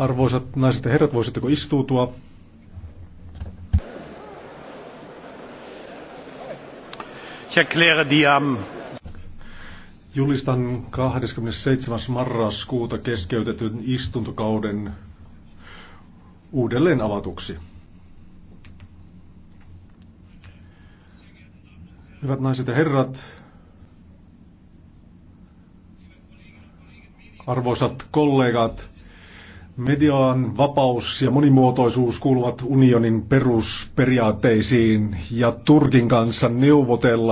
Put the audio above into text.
Arvoisat naiset ja herrat, voisitteko istuutua? Julistan 27. marraskuuta keskeytetyn istuntokauden uudelleen avatuksi. Hyvät naiset ja herrat, arvoisat kollegat, Median vapaus ja monimuotoisuus kuuluvat unionin perusperiaatteisiin ja Turkin kanssa neuvotella